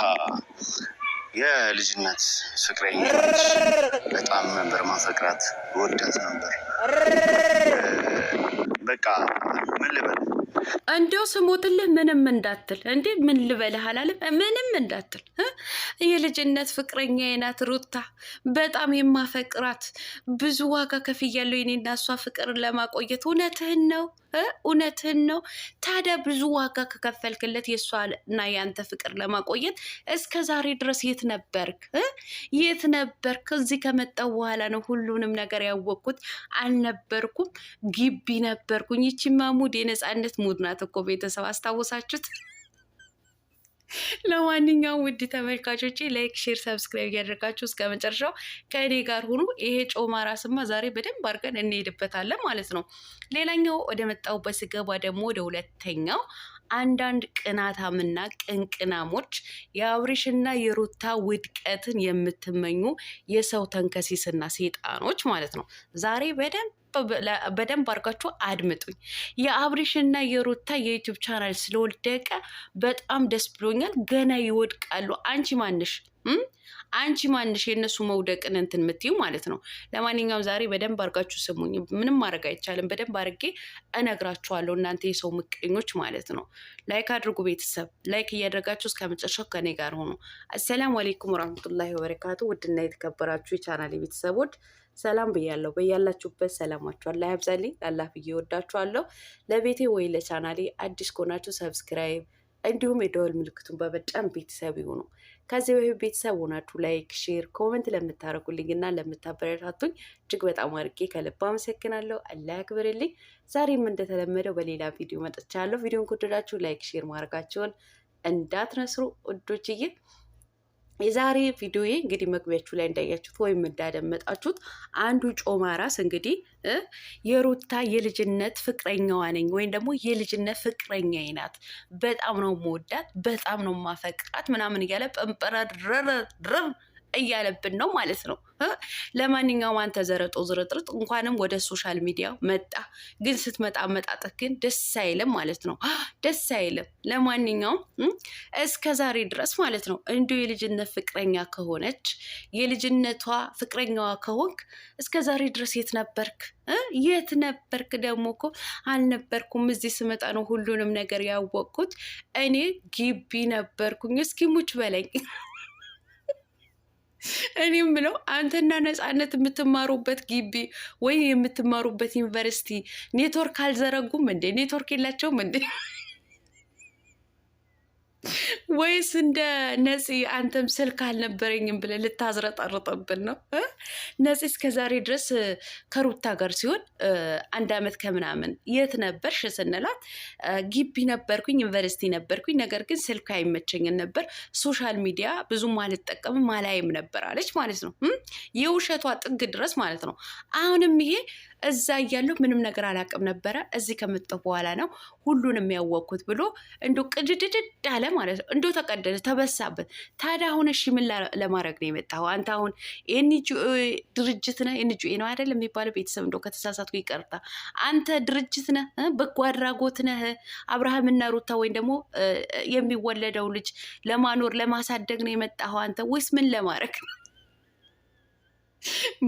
ቦታ የልጅነት ፍቅረኛ በጣም ነበር ማፈቅራት፣ ወዳት ነበር። በቃ ምን ልበል እንደው ስሞትልህ ምንም እንዳትል እንዴ ምን ልበልህ አላለም። ምንም እንዳትል የልጅነት ፍቅረኛ ናት ሩታ፣ በጣም የማፈቅራት ብዙ ዋጋ ከፍያለሁ የኔ እና እሷ ፍቅር ለማቆየት። እውነትህን ነው እውነትህን ነው። ታዲያ ብዙ ዋጋ ከከፈልክለት የእሷና የአንተ ፍቅር ለማቆየት እስከ ዛሬ ድረስ የት ነበርክ? የት ነበርክ? እዚህ ከመጣው በኋላ ነው ሁሉንም ነገር ያወቅኩት። አልነበርኩም፣ ግቢ ነበርኩኝ። ይቺ ማሙድ የነፃነት ሙድ ናት እኮ ቤተሰብ አስታወሳችሁት? ለማንኛውም ውድ ተመልካቾች ላይክ፣ ሼር፣ ሰብስክራይብ እያደረጋችሁ እስከ መጨረሻው ከእኔ ጋር ሁኑ። ይሄ ጮማ ራስማ ዛሬ በደንብ አድርገን እንሄድበታለን ማለት ነው። ሌላኛው ወደ መጣሁበት ስገባ ደግሞ ወደ ሁለተኛው አንዳንድ ቅናታምና ቅንቅናሞች የአብሪሽና የሩታ ውድቀትን የምትመኙ የሰው ተንከሲስና ሴጣኖች ማለት ነው ዛሬ በደንብ በደንብ አድርጋችሁ አድምጡኝ። የአብሪሽና የሩታ የዩቱብ ቻናል ስለወደቀ በጣም ደስ ብሎኛል። ገና ይወድቃሉ። አንቺ ማንሽ አንቺ ማንሽ የእነሱ መውደቅን እንትን የምትዩ ማለት ነው። ለማንኛውም ዛሬ በደንብ አድርጋችሁ ስሙኝ። ምንም ማድረግ አይቻልም። በደንብ አድርጌ እነግራችኋለሁ። እናንተ የሰው ምቀኞች ማለት ነው። ላይክ አድርጉ ቤተሰብ፣ ላይክ እያደረጋችሁ እስከ መጨረሻው ከኔ ጋር ሆኑ። አሰላሙ አሌይኩም ወራህመቱላሂ ወበረካቱ። ውድና የተከበራችሁ የቻናል ቤተሰቦች ሰላም ብያለሁ። በያላችሁበት ሰላማችሁ ላይ አብዛልኝ ላላፍ እየወዳችኋለሁ። ለቤቴ ወይ ለቻናሌ አዲስ ከሆናችሁ ሰብስክራይብ እንዲሁም የደወል ምልክቱን በመጫን ቤተሰብ ይሁኑ። ከዚህ በፊት ቤተሰብ ሆናችሁ ላይክ፣ ሼር፣ ኮመንት ለምታደርጉልኝ እና ለምታበረታቱኝ እጅግ በጣም አድርጌ ከልብ አመሰግናለሁ። አላህ ያክብርልኝ። ዛሬም እንደተለመደው በሌላ ቪዲዮ መጥቻለሁ። ቪዲዮን ከወደዳችሁ ላይክ፣ ሼር ማድረጋችሁን እንዳትነስሩ ውዶችዬ የዛሬ ቪዲዮዬ እንግዲህ መግቢያችሁ ላይ እንዳያችሁት ወይም እንዳደመጣችሁት አንዱ ጮማ ራስ እንግዲህ የሩታ የልጅነት ፍቅረኛዋ ነኝ ወይም ደግሞ የልጅነት ፍቅረኛዬ ናት፣ በጣም ነው መወዳት፣ በጣም ነው ማፈቅራት ምናምን እያለ እያለብን ነው ማለት ነው። ለማንኛውም አንተ ዘረጦ ዝርጥርጥ እንኳንም ወደ ሶሻል ሚዲያ መጣ። ግን ስትመጣ መጣጥህ ግን ደስ አይልም ማለት ነው። ደስ አይልም። ለማንኛውም እስከ ዛሬ ድረስ ማለት ነው እንዲሁ የልጅነት ፍቅረኛ ከሆነች የልጅነቷ ፍቅረኛዋ ከሆንክ እስከ ዛሬ ድረስ የት ነበርክ? የት ነበርክ? ደግሞ እኮ አልነበርኩም። እዚህ ስመጣ ነው ሁሉንም ነገር ያወቅኩት። እኔ ግቢ ነበርኩኝ። እስኪ ሙች በለኝ እኔም ብለው አንተና ነፃነት የምትማሩበት ግቢ ወይ የምትማሩበት ዩኒቨርሲቲ ኔትወርክ አልዘረጉም እንዴ? ኔትወርክ የላቸውም እንዴ? ወይስ እንደ ነፂ አንተም ስልክ አልነበረኝም ብለህ ልታዝረጠርጥብን ነው? ነፂ እስከዛሬ ድረስ ከሩታ ጋር ሲሆን አንድ ዓመት ከምናምን የት ነበርሽ ስንላት ግቢ ነበርኩኝ፣ ዩኒቨርሲቲ ነበርኩኝ፣ ነገር ግን ስልክ አይመቸኝም ነበር፣ ሶሻል ሚዲያ ብዙም አልጠቀምም አላይም ነበር አለች ማለት ነው። የውሸቷ ጥግ ድረስ ማለት ነው። አሁንም ይሄ እዛ እያለሁ ምንም ነገር አላውቅም ነበረ፣ እዚህ ከመጣሁ በኋላ ነው ሁሉንም ያወቅኩት ብሎ እንዶ ቅድድድድ አለ ማለት ነው። እንዶ ተቀደደ፣ ተበሳበት። ታዲያ አሁን እሺ ምን ለማድረግ ነው የመጣው? አንተ አሁን ኤንጂ ድርጅት ነህ፣ ኤንጂ ነው አይደል የሚባለው? ቤተሰብ እንዶ ከተሳሳትኩ ይቀርታ። አንተ ድርጅት ነህ፣ በጎ አድራጎት ነህ። እና ሩታ ወይም ደግሞ የሚወለደው ልጅ ለማኖር ለማሳደግ ነው የመጣኸው አንተ ወይስ ምን ለማድረግ ነው?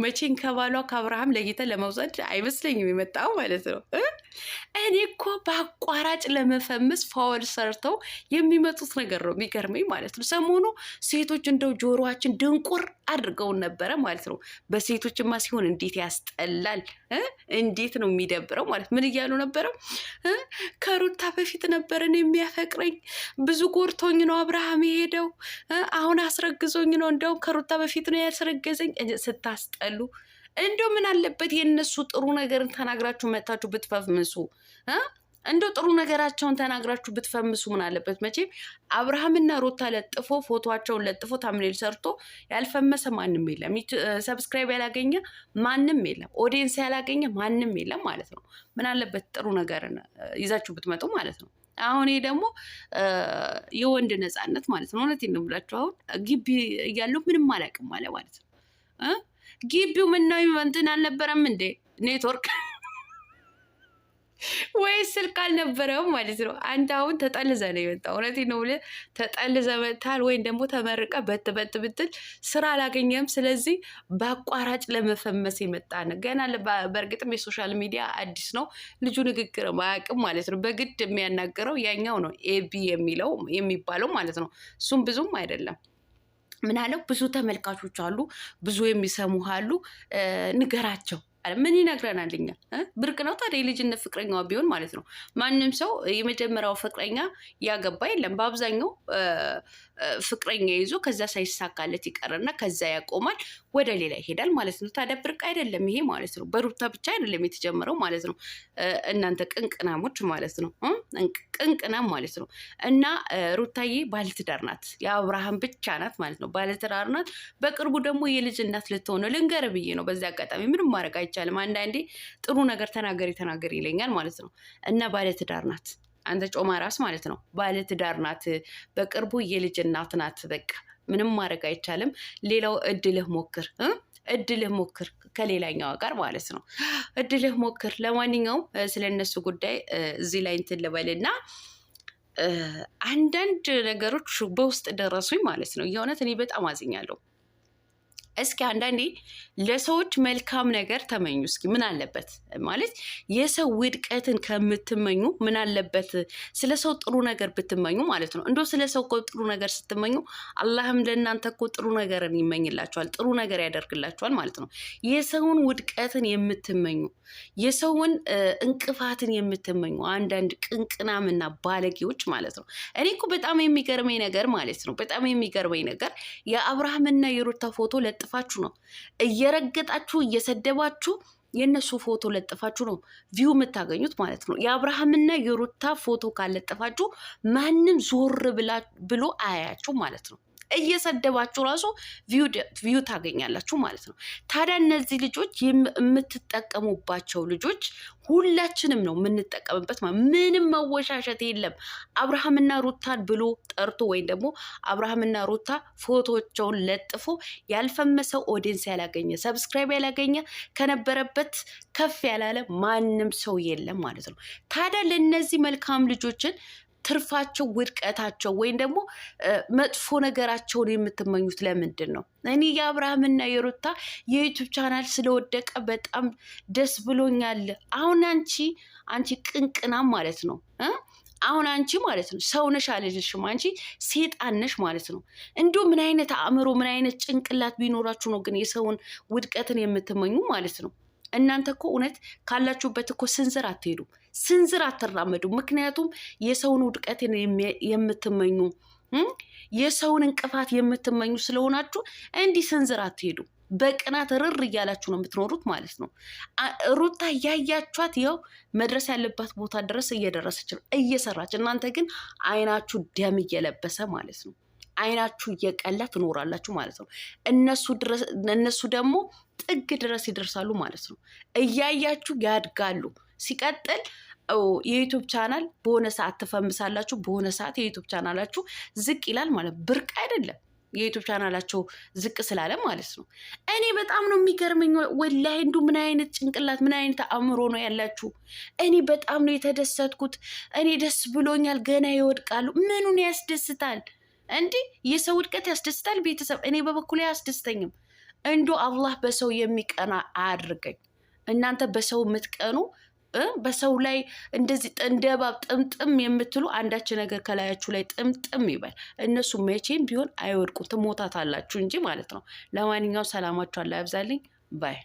መቼን ከባሏ ከአብርሃም ለጌታ ለመውሰድ አይመስለኝም የመጣው ማለት ነው። እኔ እኮ በአቋራጭ ለመፈመስ ፋወል ሰርተው የሚመጡት ነገር ነው የሚገርመኝ ማለት ነው። ሰሞኑ ሴቶች እንደው ጆሮችን ድንቁር አድርገውን ነበረ ማለት ነው። በሴቶችማ ሲሆን እንዴት ያስጠላል! እንዴት ነው የሚደብረው ማለት ምን እያሉ ነበረ? ከሩታ በፊት ነበረን የሚያፈቅረኝ ብዙ ጎርቶኝ ነው አብርሃም የሄደው አሁን አስረግዞኝ ነው እንደውም ከሩታ በፊት ነው ያስረገዘኝ ብታስጠሉ እንዶ ምን አለበት የእነሱ ጥሩ ነገርን ተናግራችሁ መታችሁ ብትፈምሱ እንዶ እንደ ጥሩ ነገራቸውን ተናግራችሁ ብትፈምሱ ምን አለበት? መቼም አብርሃምና ሩታ ለጥፎ ፎቶቸውን ለጥፎ ታምኔል ሰርቶ ያልፈመሰ ማንም የለም። ሰብስክራይብ ያላገኘ ማንም የለም። ኦዲየንስ ያላገኘ ማንም የለም ማለት ነው። ምን አለበት ጥሩ ነገርን ይዛችሁ ብትመጡ ማለት ነው። አሁን ይሄ ደግሞ የወንድ ነፃነት ማለት ነው። እውነት ነው የምላችሁ። አሁን ግቢ እያለሁ ምንም አላውቅም አለ ማለት ነው። ግቢው ምናዊ እንትን አልነበረም እንዴ? ኔትወርክ ወይስ ስልክ አልነበረም ማለት ነው። አንተ አሁን ተጠልዘ ነው የመጣ እውነት ነው ብለህ ተጠልዘ መጥታል፣ ወይም ደግሞ ተመርቀ በት በት ብትል ስራ አላገኘም። ስለዚህ በአቋራጭ ለመፈመስ የመጣ ነው። ገና በእርግጥም የሶሻል ሚዲያ አዲስ ነው ልጁ፣ ንግግር አያውቅም ማለት ነው። በግድ የሚያናገረው ያኛው ነው ኤቢ የሚለው የሚባለው ማለት ነው። እሱም ብዙም አይደለም። ምን አለው ብዙ ተመልካቾች አሉ፣ ብዙ የሚሰሙ አሉ፣ ንገራቸው ምን ይነግረናል? እኛ ብርቅ ነው ታዲያ የልጅነት ፍቅረኛዋ ቢሆን ማለት ነው። ማንም ሰው የመጀመሪያው ፍቅረኛ ያገባ የለም። በአብዛኛው ፍቅረኛ ይዞ ከዛ ሳይሳካለት ይቀርና ከዛ ያቆማል፣ ወደ ሌላ ይሄዳል ማለት ነው። ታዲያ ብርቅ አይደለም ይሄ ማለት ነው። በሩታ ብቻ አይደለም የተጀመረው ማለት ነው። እናንተ ቅንቅናሞች ማለት ነው። ቅንቅ ነው ማለት ነው። እና ሩታዬ ባለትዳር ናት፣ የአብርሃም ብቻ ናት ማለት ነው። ባለትዳር ናት። በቅርቡ ደግሞ የልጅ እናት ልትሆን ነው። ልንገር ብዬ ነው። በዚህ አጋጣሚ ምንም ማድረግ አይቻልም። አንዳንዴ ጥሩ ነገር ተናገሪ ተናገሪ ይለኛል ማለት ነው። እና ባለትዳር ናት። አንተ ጮማ ራስ ማለት ነው። ባለትዳር ናት። በቅርቡ የልጅ እናት ናት። በቃ ምንም ማድረግ አይቻልም። ሌላው እድልህ ሞክር። እድልህ ሞክር፣ ከሌላኛው ጋር ማለት ነው። እድልህ ሞክር። ለማንኛውም ስለ እነሱ ጉዳይ እዚህ ላይ እንትን ልበልና አንዳንድ ነገሮች በውስጥ ደረሱኝ ማለት ነው። የእውነት እኔ በጣም አዝኛለሁ። እስኪ አንዳንዴ ለሰዎች መልካም ነገር ተመኙ። እስኪ ምን አለበት ማለት የሰው ውድቀትን ከምትመኙ ምን አለበት ስለ ሰው ጥሩ ነገር ብትመኙ ማለት ነው። እንዶ ስለ ሰው እኮ ጥሩ ነገር ስትመኙ አላህም ለእናንተ እኮ ጥሩ ነገርን ይመኝላችኋል፣ ጥሩ ነገር ያደርግላችኋል ማለት ነው። የሰውን ውድቀትን የምትመኙ የሰውን እንቅፋትን የምትመኙ አንዳንድ ቅንቅናምና ባለጌዎች ማለት ነው። እኔ እኮ በጣም የሚገርመኝ ነገር ማለት ነው በጣም የሚገርመኝ ነገር የአብርሃምና የሩታ ፎቶ ለጥፍ እየለጠፋችሁ ነው፣ እየረገጣችሁ እየሰደባችሁ የእነሱ ፎቶ ለጥፋችሁ ነው ቪው የምታገኙት ማለት ነው። የአብርሃምና የሩታ ፎቶ ካለጠፋችሁ ማንም ዞር ብሎ አያያችሁ ማለት ነው። እየሰደባችሁ ራሱ ቪው ታገኛላችሁ ማለት ነው። ታዲያ እነዚህ ልጆች የምትጠቀሙባቸው ልጆች ሁላችንም ነው የምንጠቀምበት። ምንም መወሻሸት የለም። አብርሃምና ሩታን ብሎ ጠርቶ ወይም ደግሞ አብርሃምና ሩታ ፎቶቸውን ለጥፎ ያልፈመሰ ኦዲንስ ያላገኘ ሰብስክራይብ ያላገኘ ከነበረበት ከፍ ያላለ ማንም ሰው የለም ማለት ነው። ታዲያ ለእነዚህ መልካም ልጆችን ትርፋቸው ውድቀታቸው ወይም ደግሞ መጥፎ ነገራቸውን የምትመኙት ለምንድን ነው? እኔ የአብርሃምና የሩታ የዩቱብ ቻናል ስለወደቀ በጣም ደስ ብሎኛል። አሁን አንቺ አንቺ ቅንቅናም ማለት ነው አሁን አንቺ ማለት ነው ሰውነሽ ነሽ አልልሽም፣ አንቺ ሴጣነሽ ማለት ነው። እንዲሁ ምን አይነት አእምሮ ምን አይነት ጭንቅላት ቢኖራችሁ ነው ግን የሰውን ውድቀትን የምትመኙ ማለት ነው? እናንተ እኮ እውነት ካላችሁበት እኮ ስንዝር አትሄዱም። ስንዝር አትራመዱ። ምክንያቱም የሰውን ውድቀት የምትመኙ የሰውን እንቅፋት የምትመኙ ስለሆናችሁ እንዲህ ስንዝር አትሄዱ። በቅናት ርር እያላችሁ ነው የምትኖሩት ማለት ነው። ሩታ ያያችኋት ያው መድረስ ያለባት ቦታ ድረስ እየደረሰች ነው እየሰራች፣ እናንተ ግን አይናችሁ ደም እየለበሰ ማለት ነው። አይናችሁ እየቀላ ትኖራላችሁ ማለት ነው። እነሱ ደግሞ ጥግ ድረስ ይደርሳሉ ማለት ነው። እያያችሁ ያድጋሉ። ሲቀጥል የዩቱብ ቻናል በሆነ ሰዓት ትፈምሳላችሁ፣ በሆነ ሰዓት የዩቱብ ቻናላችሁ ዝቅ ይላል ማለት ብርቅ አይደለም። የዩቱብ ቻናላቸው ዝቅ ስላለ ማለት ነው። እኔ በጣም ነው የሚገርመኝ። ወላሂ እንዱ ምን አይነት ጭንቅላት ምን አይነት አእምሮ ነው ያላችሁ? እኔ በጣም ነው የተደሰትኩት። እኔ ደስ ብሎኛል። ገና ይወድቃሉ። ምኑን ያስደስታል? እንዲህ የሰው ውድቀት ያስደስታል? ቤተሰብ እኔ በበኩሌ አያስደስተኝም። እንዶ አላህ በሰው የሚቀና አያድርገኝ። እናንተ በሰው የምትቀኑ በሰው ላይ እንደዚህ እንደባብ ጥምጥም የምትሉ አንዳች ነገር ከላያችሁ ላይ ጥምጥም ይበል። እነሱ መቼም ቢሆን አይወድቁም። ትሞታታላችሁ እንጂ ማለት ነው። ለማንኛውም ሰላማችሁ አላ ያብዛልኝ ባይ